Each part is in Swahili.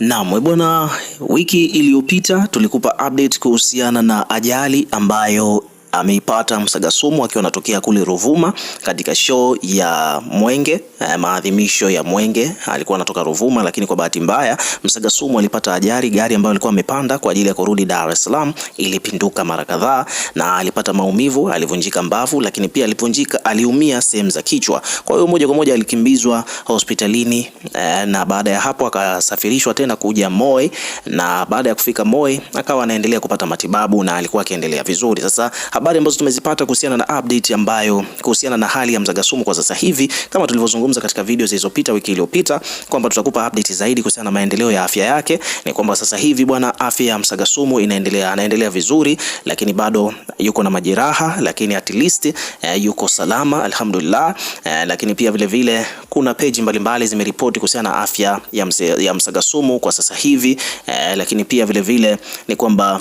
Naam, eh, bwana, wiki iliyopita tulikupa update kuhusiana na ajali ambayo ameipata Msagasumu akiwa anatokea kule Ruvuma katika show ya Mwenge, eh, maadhimisho ya Mwenge. Alikuwa anatoka Ruvuma, lakini kwa bahati mbaya Msagasumu alipata ajali. Gari ambayo alikuwa amepanda kwa ajili ya kurudi Dar es Salaam ilipinduka mara kadhaa na alipata maumivu, alivunjika mbavu, lakini pia alivunjika, aliumia sehemu za kichwa. Kwa hiyo moja kwa moja alikimbizwa hospitalini eh, na baada ya hapo akasafirishwa tena kuja Moi, na baada ya kufika Moi akawa anaendelea kupata matibabu na alikuwa akiendelea vizuri. Sasa habari ambazo tumezipata kuhusiana na update ambayo kuhusiana na hali ya mzaga sumu kwa sasa hivi, kama tulivyozungumza katika video zilizopita wiki iliyopita kwamba tutakupa update zaidi kuhusiana na maendeleo ya afya yake. Ni kwamba sasa hivi bwana, afya ya msaga sumu inaendelea, anaendelea vizuri, lakini bado yuko na majeraha, lakini at least eh, yuko salama alhamdulillah. Eh, lakini pia vile vile kuna page mbalimbali zimeripoti kuhusiana na afya ya, ya msaga kwa sasa hivi eh, lakini pia vile vile ni kwamba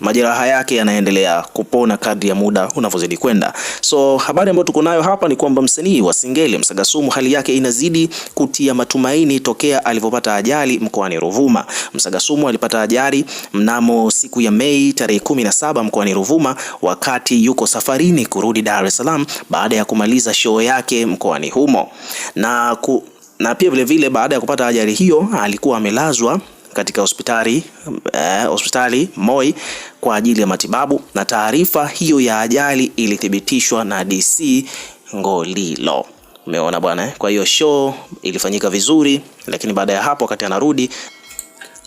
majeraha yake yanaendelea kupona kadri ya muda unavyozidi kwenda. So habari ambayo tuko nayo hapa ni kwamba msanii wa Singeli Msagasumu hali yake inazidi kutia matumaini tokea alivyopata ajali mkoani Ruvuma. Msagasumu alipata ajali mnamo siku ya Mei tarehe kumi na saba mkoani Ruvuma wakati yuko safarini kurudi Dar es Salaam baada ya kumaliza show yake mkoani humo na, ku, na pia vilevile baada ya kupata ajali hiyo alikuwa amelazwa katika hospitali eh, hospitali Moi kwa ajili ya matibabu na taarifa hiyo ya ajali ilithibitishwa na DC Ngolilo. Umeona bwana eh? Kwa hiyo show ilifanyika vizuri, lakini baada ya hapo wakati anarudi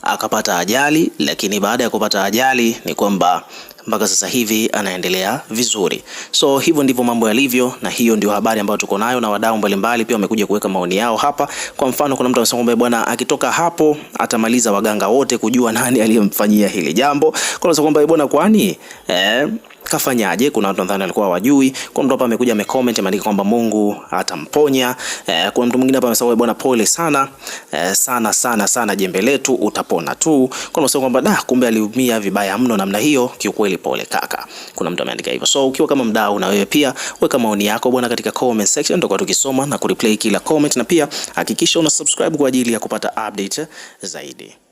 akapata ajali, lakini baada ya kupata ajali ni kwamba mpaka sasa hivi anaendelea vizuri. So hivyo ndivyo mambo yalivyo, na hiyo ndio habari ambayo tuko nayo, na wadau mbalimbali pia wamekuja kuweka maoni yao hapa. Kwa mfano, kuna mtu amesema kwamba bwana, akitoka hapo atamaliza waganga wote kujua nani aliyemfanyia hili jambo. Kuna mtu amesema kwamba eh, bwana, kwani eh kafanyaje? Kuna watu nadhani alikuwa wajui. Kuna mtu hapa amekuja amecomment ameandika kwamba Mungu atamponya. E, kuna mtu mwingine hapa amesema bwana, pole sana e, sana sana sana, jembe letu utapona tu. Kuna msema kwamba da, kumbe aliumia vibaya mno namna hiyo, kiukweli pole kaka. Kuna mtu ameandika hivyo. So ukiwa kama mdau na wewe pia weka maoni yako bwana katika comment section, tutakuwa tukisoma na kureplay kila comment, na pia hakikisha una subscribe kwa ajili ya kupata update zaidi.